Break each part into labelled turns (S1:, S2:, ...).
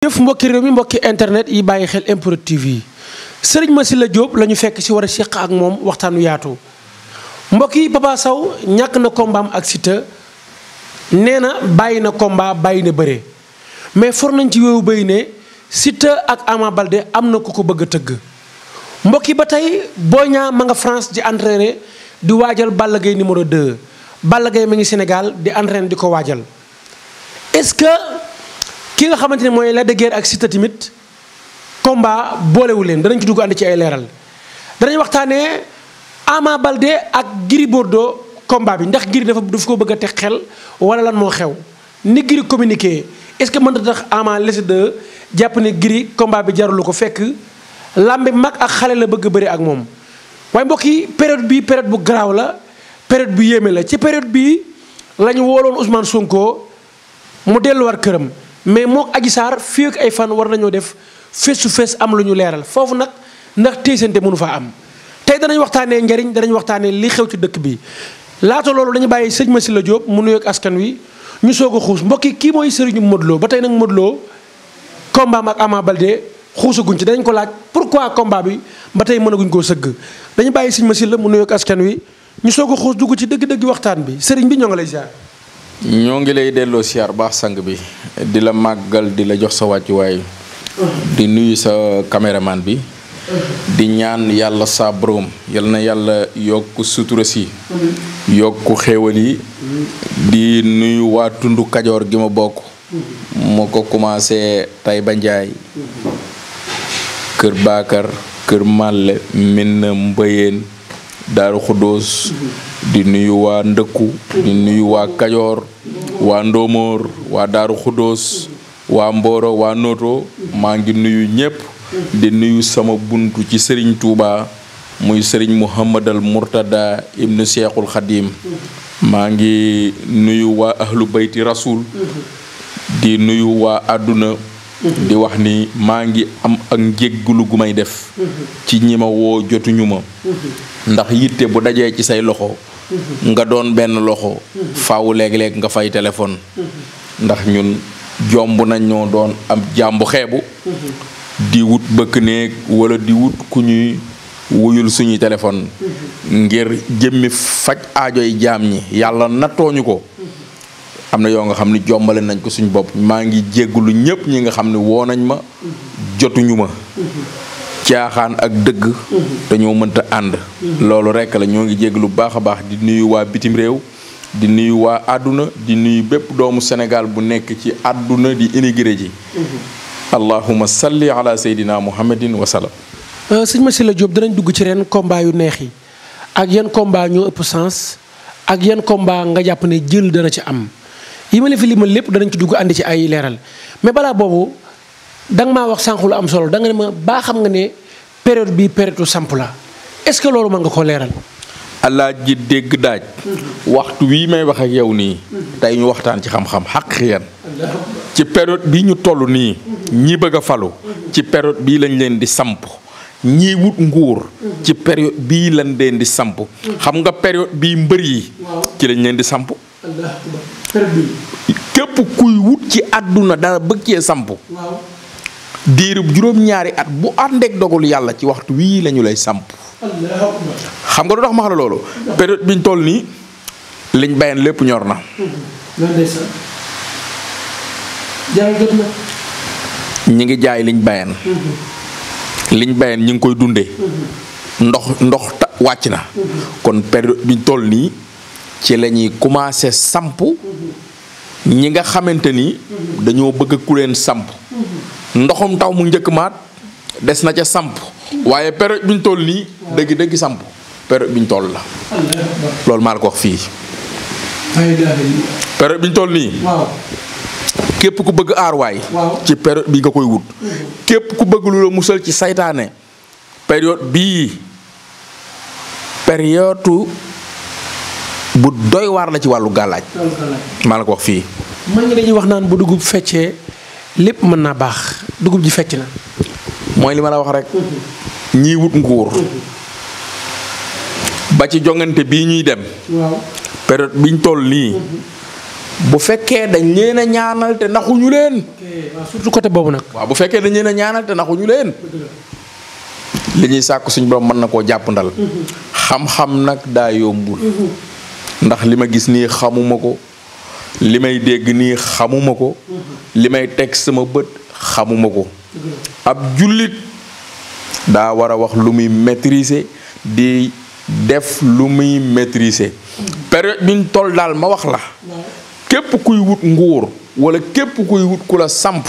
S1: jëf mbokki réew mi mbokki internet yi bàyyi xel MPROD TV yi sëriñ Massila Diop la ñu fekk si war a séq ak moom waxtaan yaatu mbokk yi Papa ñàkk na kombaam ak Siteu nee na bàyyi na komba bàyyi na bëre mais for nañ ci wéewu béy ne Siteu ak Ama Balde am na ku ko bëgg a tëgg mbokk yi ba tey Boy Niang ma nga France di entraîné di waajal Balla Gaye numéro 2 Balla Gaye mi ngi Sénégal di entraîné di ko waajal ki nga xamante ne mooy Lac de Guiers ak Siteu tamit combat boolewu leen danañ ci dugg ànd ci ay leeral danañ waxtaanee Ama Baldé ak Gris Bordeaux combat bi ndax giri dafa dafa ko bëgg a teg xel wala lan moo xew ni Gris communiqué est-ce que mën na tax Ama Lac de jàpp ne Gris combat bi jarul ko fekk làmbi mag ak xale la bëgg a bëri ak moom waaye mbokk yi période bi période bu garaaw la période bu yéeme la ci période bi la ñu wooloon Ousmane Sonko mu delluwaat këram. mais moo Adji Sarr fii ak ay fan war nañoo def face to face am lu ñu leeral foofu nag ndax téysante mënu faa am tey danañ waxtaanee njariñ danañ waxtaanee li xew ci dëkk bi laata loolu dañu bàyyi sëñ Massila Diop mu nuyoog askan wi ñu soo a xuus mbokki kii mooy sëriñu Modou ba tey nag Modou Lo combat ak Ama Baldé ci danañ ko laaj pourquoi combat bi ba tey mënaguñ koo sëgg dañu bàyyi sëñ Massila mu nuyoog askan wi ñu soog a xuus dugg ci dëgg-dëgg waxtaan bi sëriñ bi ñoŋ ngi lay ziar
S2: ñoo ngi lay delloo siyaar baax sang bi di la màggal di la jox sa wàccuwaay di nuyu sa caméraman bi di ñaan yàlla saa boroom yal na yàlla yokk sutura si yokk xéewal yi di nuyu waa tundu kajoor gi ma bokk moo ko commencé tay ba njaay kër baakar kër màlle minna na daaru xuddoos di nuyu waa ndëkku di nuyu waa kajoor waa ndóomóor waa daaru xuddoos waa mbooro waa nooto maa ngi nuyu ñépp di nuyu sama buntu ci sëriñ tuuba muy sëriñ Muhammadal Murtada ibnu Seexul Xadim maa ngi nuyu waa ahlu bayti rasul di nuyu waa àdduna di wax ni maa ngi am ak njéggulu gu may def ci ñi ma woo jotuñu ma ndax yitte bu dajee ci say loxo nga doon benn loxo faawu léeg-léeg nga fay téléphone ndax ñun jomb nañoo doon ab jàmbu xeebu di wut bëkk néeg wala di wut ku ñuy wuyul suñuy téléphone ngir jëmmi faj aajoy jaam ñi yàlla nattooñu ko am na yoo nga xam ne jombale nañ ko suñu bopp maa ngi jéggulu ñëpp ñi nga xam ne woo nañ ma jotuñu ma caaxaan ak dëgg dañoo mënta ànd loolu rekk la ñoo ngi jégglu baax a baax di nuyu waa bitim réew di nuyu waa àdduna di nuyu bépp doomu senegal bu nekk ci àdduna di immigré ji allahuma salli ala seydina muhammadin wa salaam
S1: euh, sëñ la Diop dinañ dugg ci ren combat yu neex yi ak yan combat ñoo ëpp sens ak yan combat nga jàpp ne jël dana ci am yi ma la fi limal lépp danañ ci dugg ànd ci ay leeral mais balaa boobu da nga maa wax sànq lu am solo da nga ne ma baa xam nga ne période bii période samp la est-ce que loolu mën nga ko leeral.
S2: alaaj ji dégg daaj. waxtu wii may wax ak yow nii. tey ñu waxtaan ci xam-xam xaq yan ci période bii ñu toll nii. ñi bëgg a falu. ci période bii lañ leen di samp. ñii wut nguur. ci période bii lañ leen di samp. xam nga période bii mbër yi. ci lañ leen di samp. képp kuy wut ci àdduna dara bëgg cee samp diirub juróom-ñaari at bu àndeek dogalu yàlla ci waxtu wii lañu lay samp xam nga du tax ma xam loolu période biñ toll nii liñ bayan lépp ñor na ñi ngi jaay liñ bayan mhm. liñ bayan ñi ngi koy dunde mhm. ndox ndox wàcc na mhm. kon période biñ toll nii ci la ñuy commencé samp ñi nga xamante ni dañoo bëgg ku leen samp ndoxum taw mu njëkk maat des na ca samp waaye période bi toll nii dëgg dëgg samp période bi toll la loolu maa ko fii période bi toll nii képp ku bëgg aarwaay ci période bi nga koy wut képp ku bëgg lu la musal ci seytaane période bii période bu doy waar la ci wàllu gàllaaj maa la ko wax fii.
S1: man ngi dañuy wax naan bu dugub feccee lépp mën naa baax dugub ji fecc na. mooy li ma
S2: la wax rek. ñii wut ba ci jongante bii ñuy dem. période biñ toll nii. bu fekkee dañ leen a ñaanal te naxuñu leen. côté boobu nag. waaw bu fekkee dañ leen a ñaanal te leen. li ñuy sàkk suñu borom mën na koo jàpp ndal. Mhm. xam-xam nag daa yombul. Mhm. ndax li ma gis nii xamuma ko li may dégg nii xamuma ko li may teg sama bët xamuma ko ab jullit daa war a wax lu muy maîtriser di def lu muy maîtriser période biñ toll daal ma wax la képp kuy wut nguur wala képp kuy wut ku la samp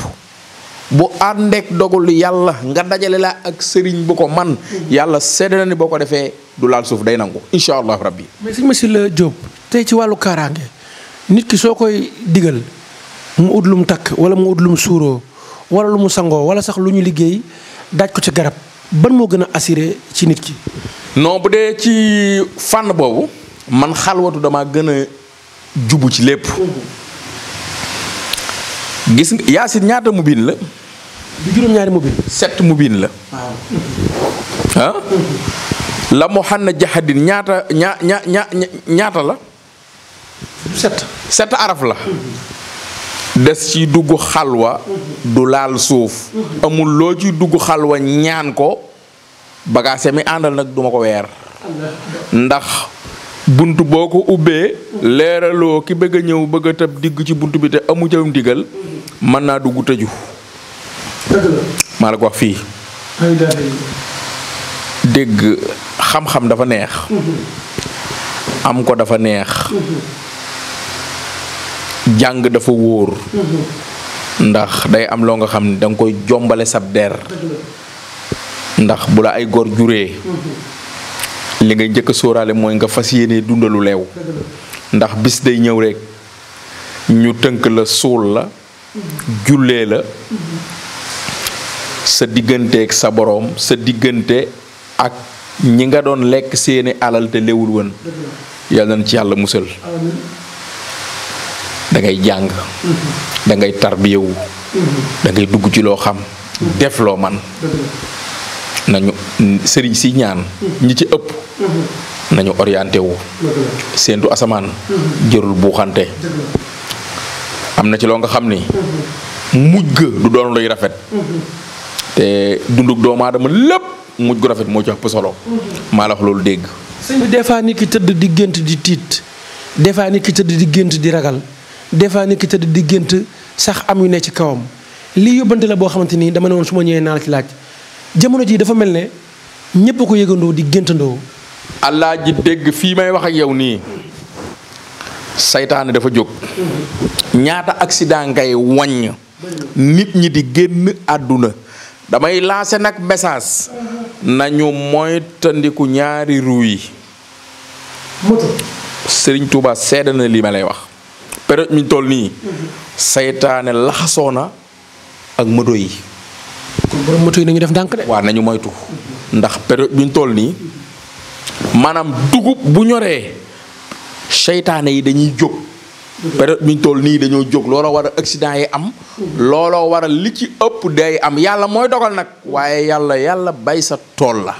S2: bu àndeek dogalu yàlla nga dajale la ak sëriñ bu ko man yàlla sedd na ni boo ko defee du laal suuf day nangu incha allah rabbi.
S1: mais sëñ Massiré Diop tey ci wàllu kaaraange nit ki soo koy digal mu ut lu mu takk wala mu ut lu mu suuroo wala lu mu sangoo wala sax lu ñu liggéey daaj ko ci garab ban moo gën a assuré ci nit ki.
S2: noo bu dee ci fànn boobu man xalwatu dama gën a jubu ci lépp. gis nga yaasin ñaata mubin la. du juróom-ñaari la. la mu xanna jahadin ñaata ña ñaata la. set araf la. des ci dugg xalwa du laal suuf. amul loo ciy dugg xalwa ñaan ko bagaase mi àndal nag duma ko weer. ndax bunt boo ko ubbee. leeraloo ki bëgg ñëw bëgg tëb digg ci bunt bi te amu ca ndigal. mën naa dugg tëju. maa la ko wax fii. dégg xam-xam dafa neex.
S1: Mm-hmm.
S2: am ko dafa neex. Mm-hmm. jàng dafa wóor. Mm-hmm. ndax day am loo nga xam ne danga koy jombale sab der. ndax bu la ay góor juree. li ngay njëkk a sóoraale mooy nga fas yéene dundalu leew. ndax bis day ñëw rekk ñu tënk la suul la. jullee la. sa digganteek sa boroom sa diggante. ak ñi nga doon lekk seeni alal te léwul woon yàlla nañ ci yàlla musal da jàng mm-hmm. da ngay tarbiyewu mm-hmm. da ngay dugg ci loo xam mm-hmm. def loo man nañu sëriñ si ñaan ñi ci ëpp nañu orienté wu séentu asamaan jërul buuxante am na ci loo nga xam ni mujj ga du doon luy rafet te dunduk doomu aadama lépp mujj gu rafet moo ci ëpp solo. maa la wax loolu dégg.
S1: sëñ bi des fois nit ki tëdd di gént di tiit des fois nit ki tëdd di gént di ragal des fois nit ki tëdd di gént sax am yu ne ci kawam lii yóbbante la boo xamante nii dama ne woon su ma naa la ci laaj jamono jii dafa mel ne ñëpp a ko yëgandoo di géntandoo.
S2: allah ji dégg fii may wax ak yow nii. saytaane dafa jóg. ñaata accident ngay wàññ nit ñi di génn àdduna damay lancer nag message. nañu moytandiku ñaari ruu yi. moto. Serigne Touba na lii ma lay wax. période mi toll nii. saytaane laxasoo na ak moto yi. kon moto yi nañu def ndànk de. nañu moytu. ndax période bi toll nii maanaam dugub bu ñoree. saytaane yi dañuy jóg. période bi tool nii dañoo jóg looloo war a accident yi am. looloo war a li ci ëpp day am yàlla mooy dogal nag waaye yàlla yàlla bay sa tool la.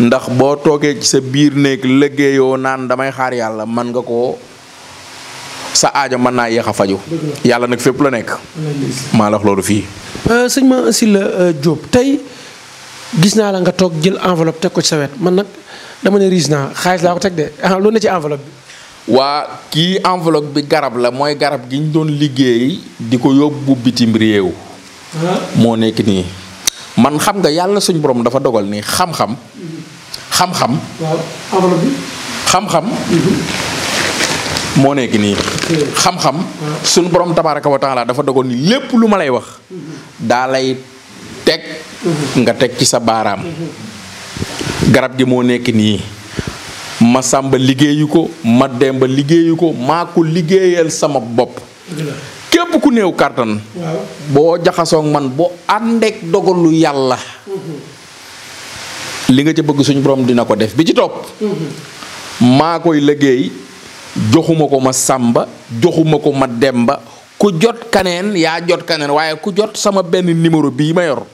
S2: ndax boo toogee ci sa biir néeg liggéeyoo naan damay xaar yàlla mën nga koo sa aajo mën naa yéex a faju yàlla nag fépp la nekk. maa la loolu fii.
S1: Euh, sëñ ma Sylla jóob euh, tey gis naa la nga toog jël enveloppe teg ko ci sa wet man nag dama ne riis naa xaalis laa ko teg de ah, lu ne ci enveloppe bi.
S2: waa kii enveloppe bi garab la mooy garab gi ñu doon liggéey di ko yóbbu bitim réew. moo nekk nii man xam nga yàlla suñ boroom dafa dogal ni xam-xam. xam
S1: mm-hmm.
S2: moo nekk nii. xam-xam. Ah. suñ boroom tabaaraka wa taala dafa dogal nii lépp lu ma lay wax. Mm-hmm. daa lay teg. Mm-hmm. nga teg ci sa baaraam. garab gi moo nekk nii. Masamba liggéeyu ko demba liggéeyu ko maa ko liggéeyal sama bopp. képp ku néew kàttan boo jaxasoog man boo àndeek dogalu yàlla. li nga ca bëgg suñu borom dina ko def bi ci topp. maa koy liggéey joxuma ko ma sàmba joxuma ko ma demba ku jot kaneen yaa jot kaneen waaye ku jot sama benn numéro bii ma yor.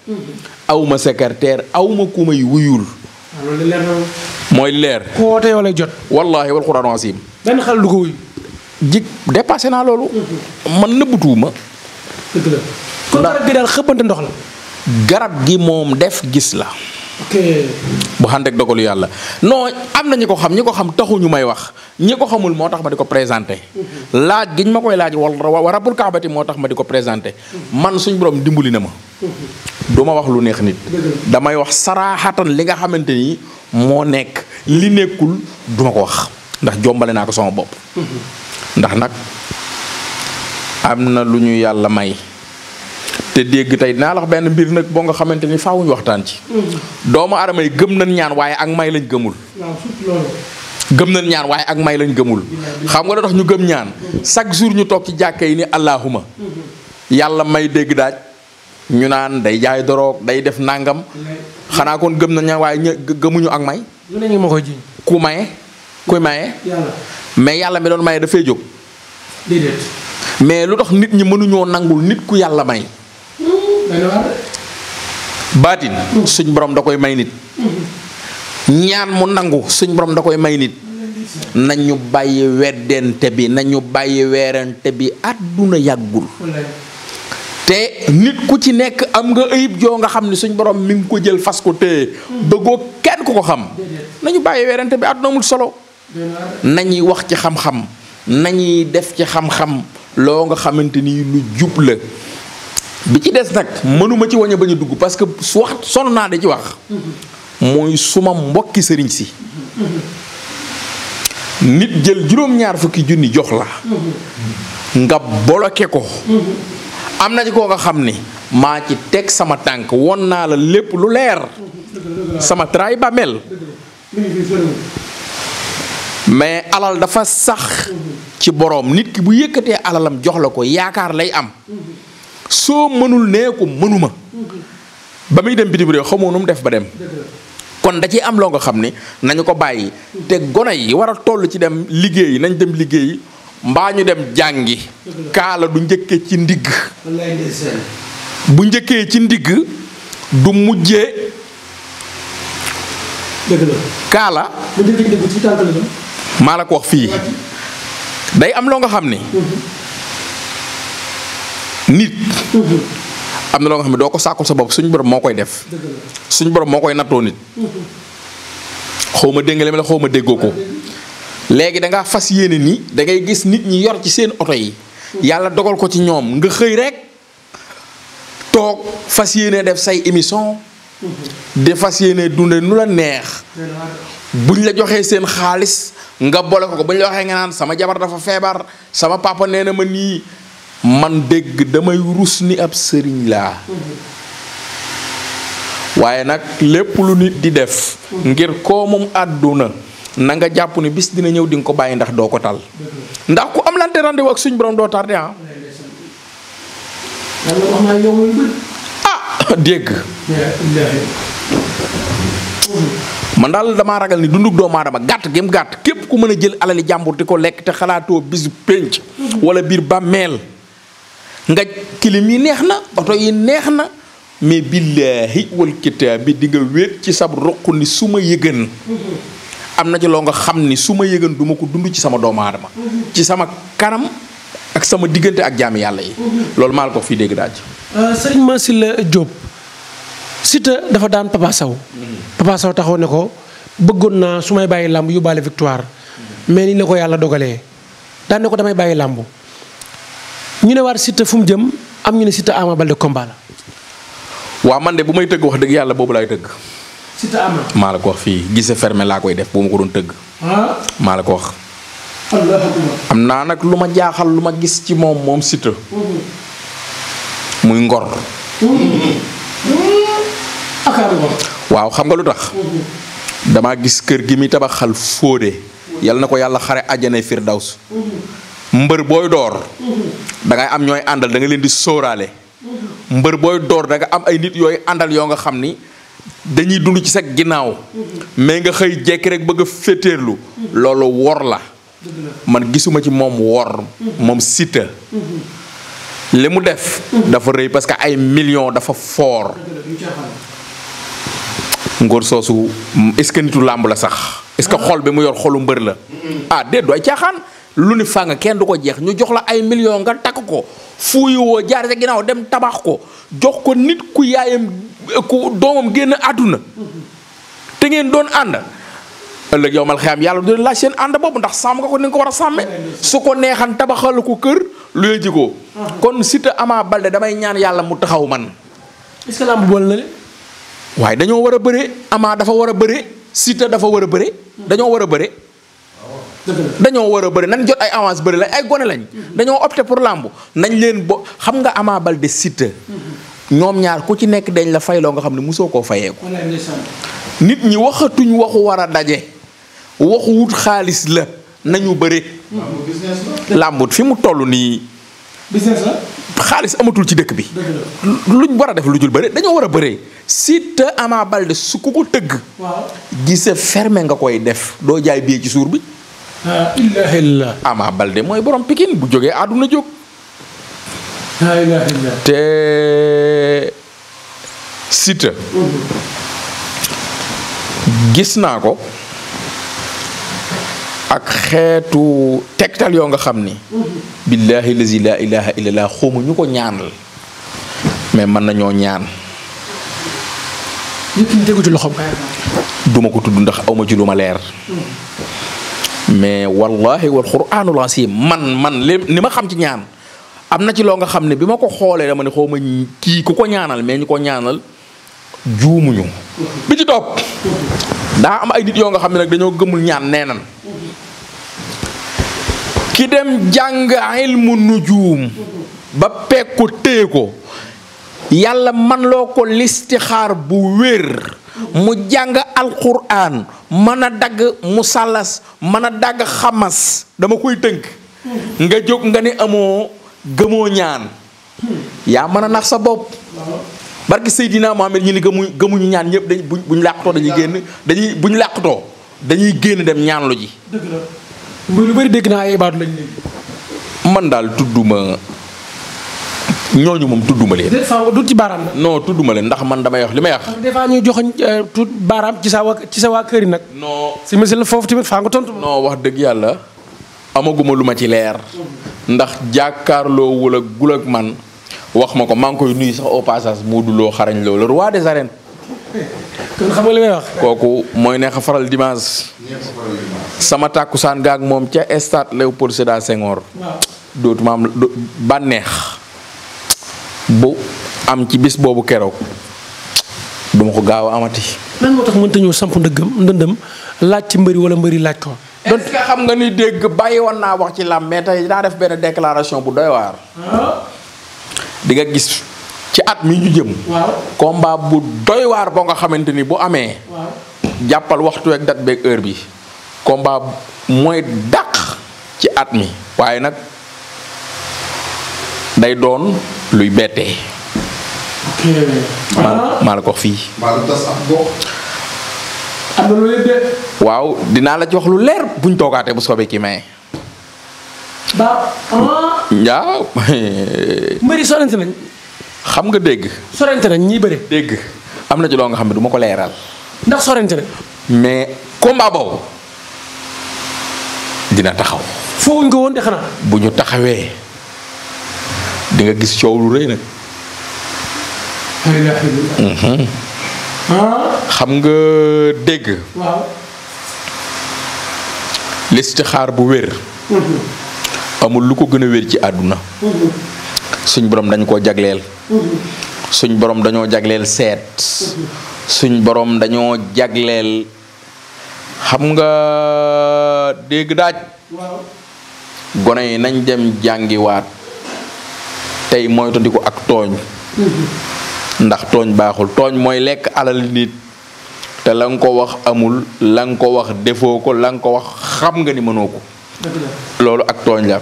S2: awma secrétaire awma ku wuyul. loolu leer na mooy leer. ku wootee yow lay jot. wallaahi wal quraan asiim.
S1: benn xel du ko wuy. ji dépassé naa loolu. Mm-hmm.
S2: man nëbbutuwuma.
S1: dëgg la kon garab daal xëppante ndox la.
S2: garab gi moom def gis la. bu xante ak dogalu yàlla non am na ñi ko xam ñi ko xam ñu may wax ñi ko xamul moo tax ma di ko présenté laaj giñ ma koy laaj wala rabul kaabati moo tax ma di ko présenté man suñ borom dimbali na ma du ma wax lu neex nit damay wax saraaxatan li nga xamante ni moo nekk li nekkul du ko wax ndax jombale naa ko sama bopp ndax nag am na lu ñu yàlla may te dégg tey naa la benn mbir nag boo nga xamante ni faaw ñu waxtaan ci. Mm-hmm. doomu aadama yi gëm nañ ñaan waaye ak may lañ gëmul. gëm ñaan waaye ak may lañ gëmul. Mm-hmm. xam nga da tax ñu gëm ñaan. Mm-hmm. chaque jour ñu toog ci jàkka yi ni allahuma. yàlla may dégg daaj. ñu naan day jaay doroog day def nangam. xanaa kon gëm nañ waaye gëmuñu ak may. ma ko ji ku maye. kuy maye. mais yàlla mi doon maye dafay jóg. mais lu tax nit ñi mënuñoo nangul nit ku yàlla may. baatin suñ borom da koy may nit ñaan mu nangu suñ borom da koy may nit nañu bàyyi weddente bi nañu bàyyi weerante bi àdduna yàggul te nit ku ci nekk am nga ayib joo nga xam ni suñ borom mi ngi ko jël fas ko téye bëggoo kenn ku ko xam nañu bàyyi weerante bi àdduna amul solo nañuy wax ci xam-xam nañuy def ci xam-xam loo nga xamante ni lu jub la bi ci des nag mënuma ci wañ a bañ a dugg parce que su wax sonn naa da ci wax mooy suma mbokki sëriñ si nit jël juróom-ñaar fukki junni jox la nga bloqué ko am na ci koo nga xam ni maa ci teg sama tànk won naa la lépp lu leer sama tray bàmmeel mais alal dafa sax ci boroom nit ki bu yëkkatee alalam jox la ko yaakaar lay am soo mënul nee ko mënuma ba muy dem bitim réew xamoo nu mu def ba dem kon da ciy am loo nga xam ni nañu ko bàyyi te gone yi war a toll ci dem liggéey nañ dem liggéeyi mbaa ñu dem jàngi kaala du njëkkee ci ndigg bu njëkkee ci ndigg du mujje kaala maa la ko wax fii day am loo nga xam ni mhm. nit. am na loo xam ne doo ko sàkkul sa bopp suñu borom moo koy def. suñu borom moo koy nattoo nit. xaw ma dégg la xaw ma déggoo ko. léegi da ngaa fas yéene ni dangay gis nit ñi yor ci seen oto yi. yàlla dogal ko ci ñoom nga xëy rek toog fas yéene def say émission. di fas yéene dunde nu la neex. buñ la joxee seen xaalis nga boole ko ko buñ la waxee nga naan sama jabar dafa feebar sama papa nee na nii. man dégg damay rus ni ab sëriñ laa waaye nag lépp lu nit di def ngir koomum àdduna na nga jàpp ni bis dina ñëw dinga ko bàyyi ndax doo ko tal ndax ku am lante rendez ak suñ borom doo tardé ah ah dégg man daal damaa ragal ni dunduk doomu aadama gàtt gém gàtt képp ku mën a jël alali jàmbur di ko lekk te xalaatoo bisu pénc wala biir bàmmeel nga kilim yi neex na oto yi neex na mais billaahi wal kitaab bi di nga ci sab ruq ni su ma yëgan am na ci loo nga xam ni su ma yëgën duma ko dund ci sama doomu aadama ci sama kanam ak sama diggante ak jaami yàlla yi loolu maa la ko fii dégg ma
S1: sëriñ Massila Diop Siteu dafa daan Papa Sow Papa Sow taxaw ne ko bëggoon naa su may bàyyi làmb yu yóbbaale victoire mm-hmm. mais ni la ko yàlla dogalee daan ne ko damay bàyyi làmb ñu ne waat Siteu fu mu jëm am ñu ne Siteu Ama Baldé combat la.
S2: waaw man de bu may tëgg wax dëgg yàlla boobu laay tëgg. Siteu maa la ko wax fii gise ferme laa koy def bu ma ko doon tëgg. Ah. maa la ko wax. am naa nag lu ma jaaxal lu ma gis ci moom moom Siteu. muy ngor. waaw xam nga lu tax. damaa gis kër gi muy tabaxal fóode. yal na ko yàlla xare àjjanay firdaws mbër booy door mm-hmm. dangay am ñooy àndal da nga leen di sooraale mm-hmm. mbër booy door da nga am ay nit yooy àndal yoo nga xam ni dañuy dund ci sa ginnaaw
S3: mm-hmm.
S2: mais nga xëy jekki rek bëgg a féeteerlu loolu wor la man gisuma ci moom wor moom Siteu li mu def dafa rëy parce que ay million dafa foor ngóor soosu est-ce nitu làmb la sax est que ah. xol bi mu yor xolu mbër la ah déet ay caaxaan lu ni fàng kenn du ko jeex ñu jox la ay millions nga takk ko fuuyu woo sa ginnaaw dem tabax ko jox ko nit ku yaayam ku doomam génn àdduna te ngeen doon ànd ëllëg yow mal xeyam yàlla du laaj seen ànd boobu ndax sàmm nga ko ni ko war a sàmme su ko neexan tabaxal ko kër luy jikoo kon Siteu Ama Baldé damay ñaan yàlla mu taxaw man est waaye dañoo war a bëre Ama dafa war a bëre Siteu dafa war a bëre dañoo war a bëre dañoo war a bëri nañ jot ay avance bëri lañ ay gone lañ. dañoo opté pour làmb nañ leen bo xam nga Ama Baldé Siteu. ñoom ñaar ku ci nekk dañ la loo nga xam ne musoo koo fayeeku nit ñi waxatuñ waxu war a daje waxu xaalis la nañu bëri. làmbut fi mu toll nii. xaalis amatul ci dëkk bi. luñ war a def lu jul bëri dañoo war a bëree. Siteu Ama Baldé su ko ko tëgg. waaw gise fermé nga koy def doo jaay biyee ci suur bi. ilaaha Balde mooy borom Pikine bu jógee àdduna jóg.
S1: laa ilaaha
S2: gis naa ko ak xeetu tegtal yoo nga xam ni. billaahi lazi laa ilaaha illallah ñu ko ñaanal. mais mën nañoo ñaan.
S1: nit ci loxoom.
S2: duma ko tudd ndax awma ci ma leer. Hmm. mais wallahi wal quraanul asiim man man li ma xam ci ñaan am na ci loo nga xam ne bi ma ko xoolee dama ne xaw ma kii ku ko ñaanal mais ñu ko ñaanal juumuñu. bi ci topp daa am ay nit yoo xam ne rek dañoo gëmul ñaan nee nan ki dem jàng a ilmu juum ba pekku téye ko yàlla man loo ko listixaar bu wér mu jàng alquran mën a dagg musalas mën a dagg xamas dama koy tënk nga jóg nga ni amoo gëmoo ñaan yaa man a nax sa bopp barki Seydina Mohamed ñu ni gëmu ñu ñaan ñëpp dañ buñ buñ làqatoo dañuy génn dañuy buñ làqatoo dañuy génn dem ñaan lu ji dëgg la lu bëri man daal tudduma ñooñu moom tudduma leen. du ci baaraam la. non tudduma leen ndax man damay wax li may wax.
S1: des fois ñuy joxoñ euh, baaraam ci sa waa ci kër yi nag. non si monsieur la foofu tamit
S2: faa nga tontu. non wax dëgg yàlla amaguma lu ma ci leer. ndax jàkkaarloo wala gul ak man wax ma ko maa koy nuyu sax au passage Modou Lo xarañ Lo le roi des kooku mooy neex a faral dimanche. sama tàkkusaan gaag moom ca stade Léopold Sédar Senghor. waaw dootuma bànneex. bu am ci bis boobu keroog duma ko gaaw a amati.
S1: lan moo tax mënta samp ndëggam ndëndam laaj ci mbëri wala mbëri laaj ko.
S2: donc xam nga ni dégg bàyyi woon naa wax ci làmb mais tey def benn déclaration bu doy waar. Ah. di nga gis ci at mi ñu jëm. waaw combat bu doy waar boo nga xamante ni bu amee. jàppal waxtu ak date beeg heure bi. komba mooy dàq ci at mi. waaye nag day doon. luy bettee. maa ah. la ko wax fii. waaw dinaa la ci wax lu leer buñ toogaatee bu soobee kii maye.
S1: ba ah. waaw. mbëri sorante nañ.
S2: xam nga dégg. sorante nañ ñiy bëri. dégg am na ci loo nga xam ne du ma ko leeral. ndax sorante nañ. mais combat boobu dina taxaw.
S1: foo wuñ ko woon de xanaa.
S2: bu ñu taxawee. dinga gis coow lu rëy nag. Mhm. xam nga dégg. waaw. listixaar bu wér. Mhm. amul lu ko gën a wér ci àdduna. Mhm. suñ borom dañ koo jagleel. suñ borom dañoo jagleel seet. suñ borom dañoo jagleel xam nga dégg daaj. gone yi nañ dem jàngiwaat. tey ko ak tooñ ndax tooñ baaxul tooñ mooy lekk alal nit te la nga ko wax amul la ko wax defoo ko la ko wax xam nga ni mënoo ko loolu ak tooñ la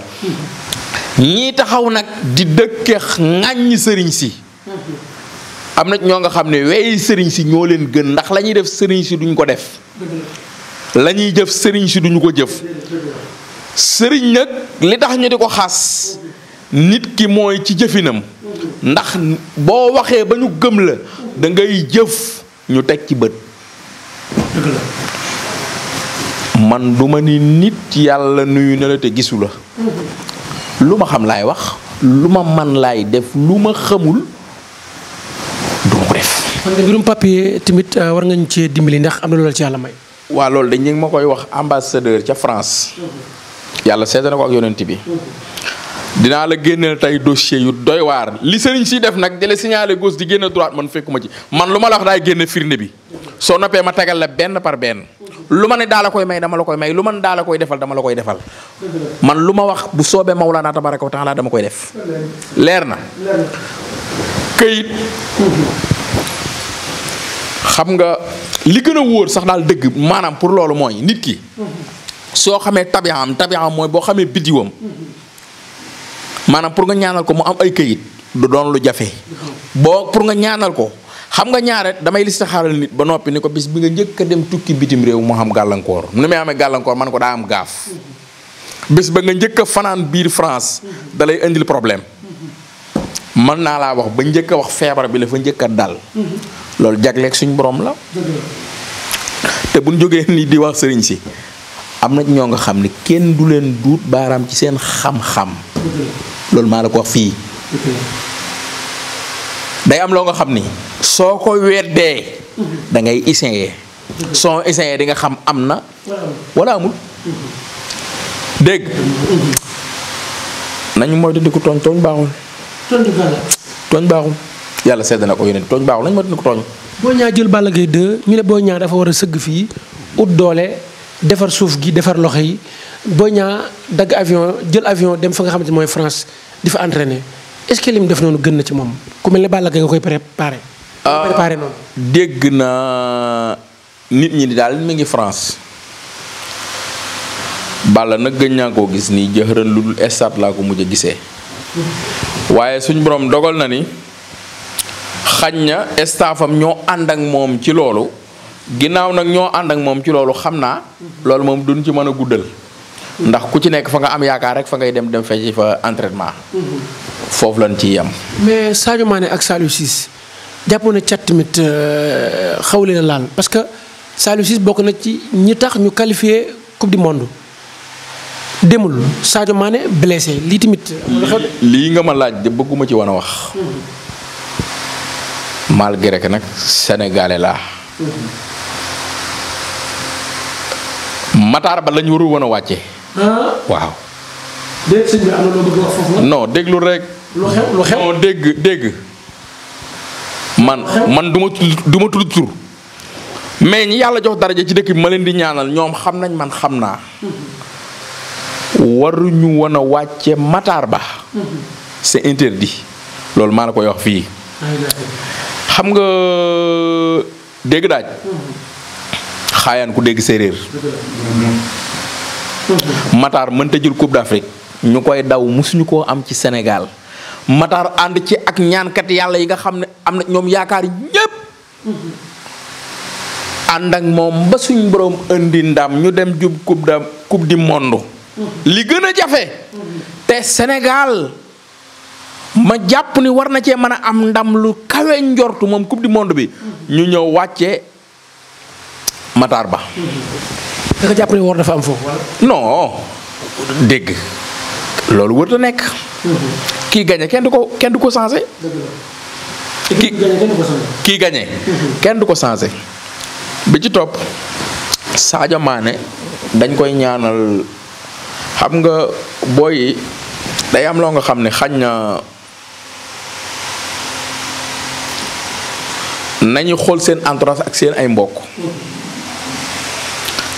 S2: ñii taxaw nag di dëkke ŋàññi sëriñ si am na ñoo nga xam ne wey sëriñ si ñoo leen gën ndax lañuy def sëriñ si duñ ko def lañuy jëf sëriñ si duñu ko jëf sëriñ nag li tax ñu di ko xas nit ki mooy ci jëfinam ndax boo waxee ba ñu gëm la dangay jëf ñu teg ci bët man duma ni nit yàlla nuyu na te gisu la
S3: mm-hmm.
S2: lu ma xam laay wax
S1: lu ma man laay def lu ma xamul du ma ko def xam nga mbirum tamit euh, war nga ñu ci dimbali ndax am na loolu ci yàlla may
S2: waa loolu dañ ñu ma koy wax ambassadeur ca France mm-hmm. yàlla seeta na ko ak yonent bi mm-hmm. dinaa la génneel tey dossier yu doy waar li sëriñ si def nag di la signaler gauche di génne droite man fekkuma ci man lu ma la wax daay génne firnde bi soo noppee ma tagal la benn par benn lu ma ne daa la koy may dama la koy may lu ma ne daa koy defal dama la koy defal man lu ma wax bu soobee maw Mawlaana tabaraka wa taala dama koy def leer na këyit xam nga li gën a wóor sax daal dëgg maanaam pour loolu mooy nit ki soo xamee tabiaam tabiaam mooy boo xamee bidiwam maanaam pour nga ñaanal ko mu am ay këyit du doon lu jafe boo pour nga ñaanal ko xam nga ñaare damay listixaaral nit ba noppi ni ko bis bi nga njëkk a dem tukki bitim réew moo xam gàllankoor ni muy amee gàllankoor man ko daa am gaaf ba nga njëkk a fanaan biir France da indil problème mën naa laa wax ba njëkk a wax feebar bi la fa njëkk dal loolu jagleeg suñ borom la te buñ jógee nii di wax sëriñ si am na ñoo nga xam ni kenn du leen duut baaraam ci seen xam-xam loolu maa la ko wax fii day am loo nga xam ni soo ko weddee mhm. da ngay essayer mhm. soo essayer di nga xam am na wala amul mhm. dégg nañu mooy dindi ko tooñ tooñ baaxul tooñ baaxul yàlla sedd na ko yeneen tooñ baaxul nañu mooy dindi ko tooñ
S1: Boy Niang jël Balla Gaye 2 ñu ne Boy Niang dafa war a sëgg fii ut doole defar suuf gi defar loxo yi Boy dagg avion jël avion dem fa nga xam xamante mooy France di fa entraîner est-ce que lim def noonu gën na ci moom ku mel ne Balla Gaye koy préparé.
S2: Ah, préparé noonu. dégg naa nit ñi daal mi ngi France. Balla na gën naa koo gis nii jëxëran lu dul stade laa ko mujj gisee waaye suñ borom dogal na ni xañ na staffam ñoo ànd ak moom ci loolu. ginnaaw nag ñoo ànd ak moom ci loolu xam naa loolu moom duñ ci mën a guddal ndax ku ci nekk fa nga am yaakaar rek fa ngay dem dem fecc fa entraînement foofu lañ ci yem
S1: mais Sadio Mané ak Saliou Ciss jàpp na cat tamit euh, xawle na laal parce que Saliou Ciss bokk na ci ñi tax ñu qualifié coupe du monde demul Sadio Mané blessé lii tamit
S2: lii nga ma laaj de bëgguma ci wan a wax
S1: mm-hmm.
S2: malgré que nag sénégalais laa mm-hmm. Matar ba lañu warul woon a wàccee. waaw. dégg déglu rek. lu xew dégg dégg. man man du tur. mais ñi yàlla jox daraja ci dëkk bi ma leen di ñaanal ñoom xam nañ man xam naa. waruñu woon a wàcce Matar ba. c'est interdit. loolu maa la koy wax fii. xam nga dégg daaj. Hmm. xaayaan ku dégg séeréer Matar mënta jël coupe d'Afrique ñu koy daw mosuñu koo am ci Sénégal Matar ànd ci ak ñaankat yàlla yi nga xam ne am na ñoom yaakaar moom ba suñ borom ndam ñu dem jub coupe da li gën a jafe te Sénégal ma jàpp ni war na cee mën a am ndam lu kawe njortu moom coupe du monde bi ñu ñëw wàcce mataar Ba.
S1: da nga dafa am foofu
S2: non dégg loolu wër nekk. kii gañe kenn du ko kenn du ko changé. kii kii kenn du ko changé. bi ci topp Sadio dañ koy ñaanal xam nga booy yi day am loo nga xam ne xañ na nañu xool seen entourage ak seen ay mbokk.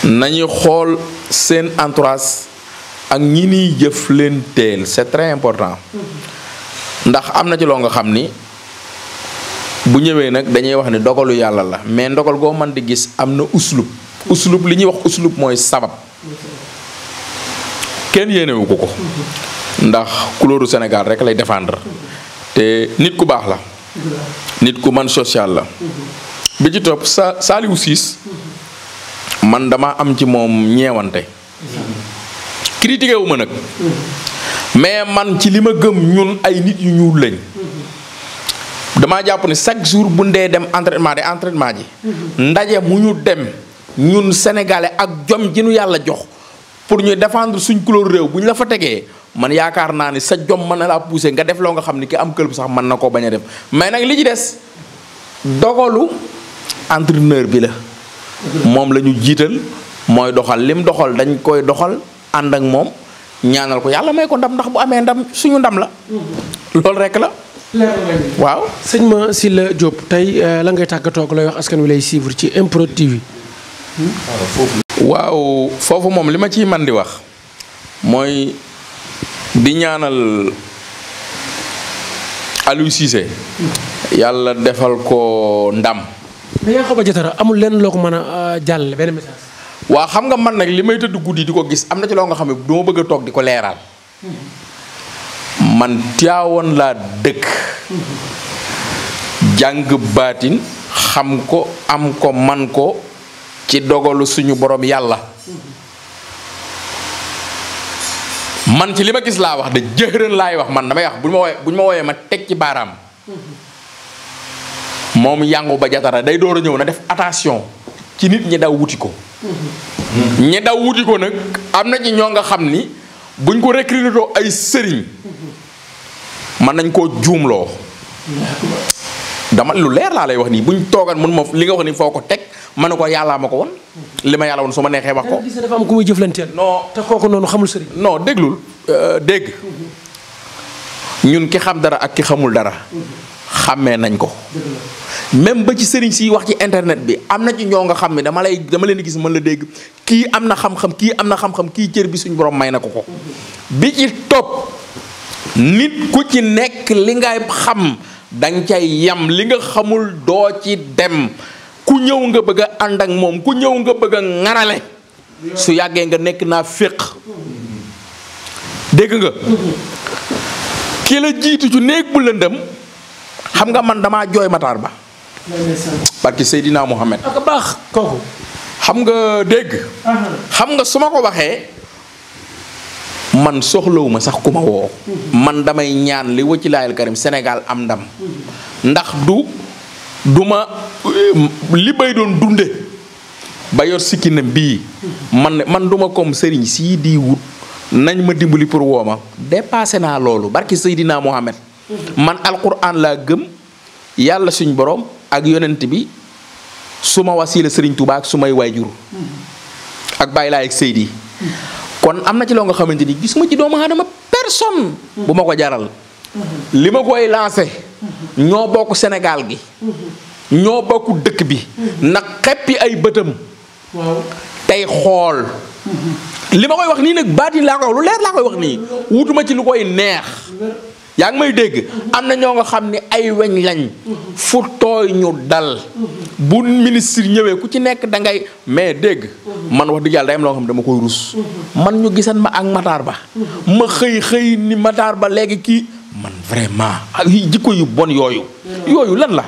S2: nañu xool seen entourage ak ñi niy jëf leen teel c'est très important ndax am na ci loo nga xam ni bu ñëwee nag dañuy wax ni dogalu yàlla la mais ndogal goo man di gis am na uslub uslub li ñuy wax uslub mooy sabab kenn yéenewu ko ko ndax couleur Sénégal rek lay défendre te nit ku baax la nit ku man social la bi ci topp sa Saliou man dama am ci moom ñeewante critiqué wu ma nag mais man ci li ma gëm ñun ay nit yu ñuul lañ damaa jàpp ne chaque jour bu ndee dem entraînement de entraînement ji ndaje mu ñu dem ñun sénégalais ak jom ji nu yàlla jox pour ñu défendre suñ couleur réew bu ñu la fa tegee man yaakaar naa ni sa jom mën na laa pousser nga def loo nga xam ni ki am club sax mën na koo bañ a dem mais nag li ci des dogalu entraîneur bi la moom la ñu jiital mooy doxal lim doxal dañ koy doxal ànd ak moom ñaanal ko yàlla may ko ndam ndax bu amee ndam suñu ndam la loolu rekk la waaw sëñ
S1: ma si la Diop tey euh, la ngay tàggatoo lay wax askan wi lay suivre ci MPROD TV
S2: waaw foofu moom li ma ciy man di wax mooy di ñaanal Aliou Cissé mm. yàlla defal ko ndam
S1: mais Yankhoba Diattara amul leen loo ko mën a euh, jàll benn message. waaw xam nga man nag li may tëdd
S2: guddi di ko gis am na ci loo nga xam ne du ma bëgg a toog di ko leeral. man Tiwaawan laa dëkk. jàng baatin xam ko am ko man ko ci dogalu suñu borom yàlla. man ci li ma gis laa wax de jëhërën laay wax man damay wax bu ma bu ñu ma wooyee ma teg ci baaraam. moom ba Diattara day door a ñëw na def attention ci nit ñi daw wuti ko.
S3: Mm-hmm.
S2: ñi daw wuti ko nag am na ci ñoo nga xam ni buñ ko recruter ay sëriñ mën nañ koo juumloo. dama lu leer laa lay wax nii buñ toogaan mun ma li nga wax ni foo ko teg mën na ko yàllaa ma ko won li ma yàlla woon su ma neexee wax ko.
S1: gis dafa te kooku noonu xamul sëriñ. non déglul euh, dégg mm-hmm.
S2: ñun ki xam dara ak ki xamul dara. Mm-hmm. xàmmee nañ ko. même ba ci sëriñ si wax ci internet bi am na ci ñoo nga xam ne dama lay dama leen gis mën la dégg kii am na xam-xam kii am na xam kii cër bi suñu borom may na ko ko. bi ci topp nit ku ci nekk li ngay xam danga cay yam li nga xamul doo ci dem ku ñëw nga bëgg a ànd ak moom ku ñëw nga bëgg a ŋarale su yàggee nga nekk naa féq dégg nga ki la jiitu ci néeg bu lëndëm xam nga man damaa jooy Matar Ba. barki Seydina Mohamed. baax kooku. xam nga dégg. xam nga su ma ko waxee. man soxlawuma sax ku ma woo. man damay ñaan li wa ci laayal karim Sénégal am ndam. ndax du du ma eh, li bay doon dunde ba yor sikkinam bii. man man duma comme sëriñ sii di wut nañ ma dimbali pour woo ma dépassé naa loolu barki Seydina Mohamed. man alquran laa gëm yàlla suñ boroom ak yonent bi su ma wasiila sëriñ tubaak ak su may waajur ak bàyyi laa ak seydi kon am na ci loo nga xamante ni gis ma ci doomu aadama personne bu ma ko jaral li ma koy lancé ñoo bokk senegaal gi ñoo bokk dëkk bi na xeppi ay bëtam tey xool li ma koy wax nii nag baat yi laa koy wax lu leer laa koy wax nii wutuma ci lu koy neex yaa ngi may dégg am na ñoo nga xam ni ay weñ lañ fu tooy ñu dal bu ministre ñëwee ku ci nekk dangay ngay mais dégg man wax dëgg yàlla day am loo xam dama koy rus man ñu gisan ma ak Matar Ba ma xëy xëy ni Matar Ba léegi kii man vraiment ak jikko yu bon yooyu yooyu lan la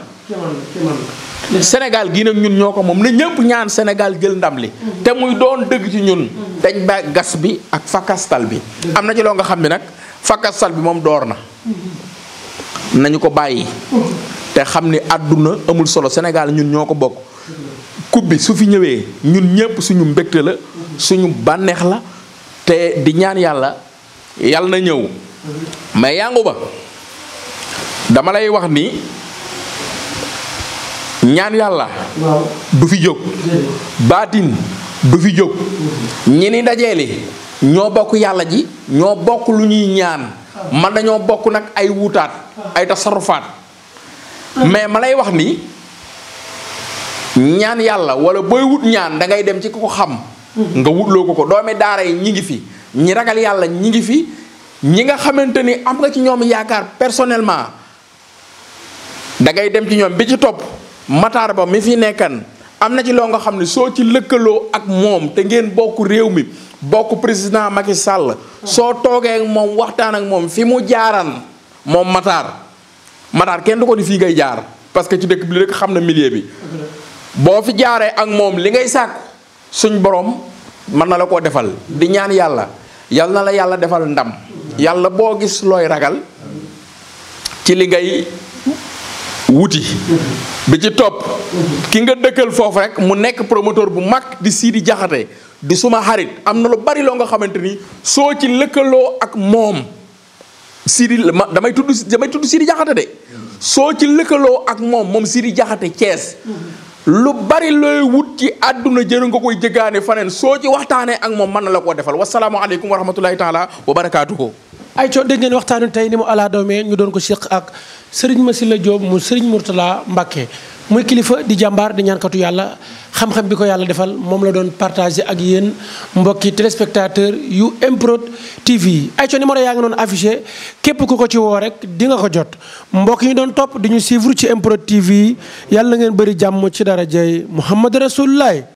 S2: senegal gii nag ñun ñoo ko moom na ñëpp ñaan senegal jël ndam li te muy doon dégg ci ñun dañ ba gas bi ak fakastal bi am na ci nga xam ni nag fakastal bi moom door na nañu ko bàyyi. te xam ni àdduna amul solo Sénégal ñun ñoo ko bokk. coupe su fi ñëwee ñun ñëpp suñu mbégte la. suñu bànneex la te di ñaan yàlla yàlla na ñëw. mais yàngu ba dama lay wax ni ñaan yàlla. du fi jóg. baatin du fi jóg. ñi ni dajeeli ñoo bokk yàlla ji ñoo bokk lu ñuy ñaan. man dañoo bokk nag ay wuutaat ay tasarufaat mais ma lay wax ni ñaan yàlla wala booy wut ñaan dangay dem ci ku ko xam nga wutloo ko ko doomi daara yi ñi ngi fi ñi ragal yàlla ñi ngi fi ñi nga xamante ni am nga ci ñoom yaakaar personnellement dangay dem ci ñoom bi ci topp mataar ba mi fi nekkan am na ci loo nga xam ne soo ci lëkkaloo ak moom te ngeen bokk réew mi bokk président Macky Sall. soo toogee moom waxtaan ak moom fi mu jaaran moom Matar Matar kenn du ko di fii ngay jaar parce que ci dëkk bi rek xam na milieu bi. boo fi jaaree ak moom li ngay sàkk suñ boroom mën na la koo defal di ñaan yàlla yàlla na la yàlla defal ndam. yàlla boo gis looy ragal ci li ngay wuti bi ci topp ki nga dëkkal foofu rek mu nekk promoteur bu mag di di Diakhaté di suma xarit am na lu bari loo nga xamante ni soo ci lëkkaloo ak moom Sidi damay tudd damay tudd Sidi Jaxate de soo ci lëkkaloo ak moom moom si di Jaxate cees lu bari looy wut ci àdduna jëru nga koy jëgaane faneen soo ci waxtaanee ak moom mën na la koo defal wasalaamualeykum wa rahmatulahi taala wa barakaatuhu
S1: ay coo dégg ngeen waxtaanu tey ni mu alaa doomee ñu doon ko séq ak Serigne Massila Diop mu Serigne Mourtala Mbacké muy kilifa di jàmbaar di ñaankatu yàlla xam-xam bi ko yàlla defal moom la doon partagé ak yéen mbokki téléspectateur yu MPROD TV ay co numéro yaa ngi doon affiché képp ku ko ci woo rek di nga ko jot mbokk ñu doon topp di ñu suivre ci MPROD TV yàlla na ngeen bëri jàmm ci dara jëy Muhammad Rasulullah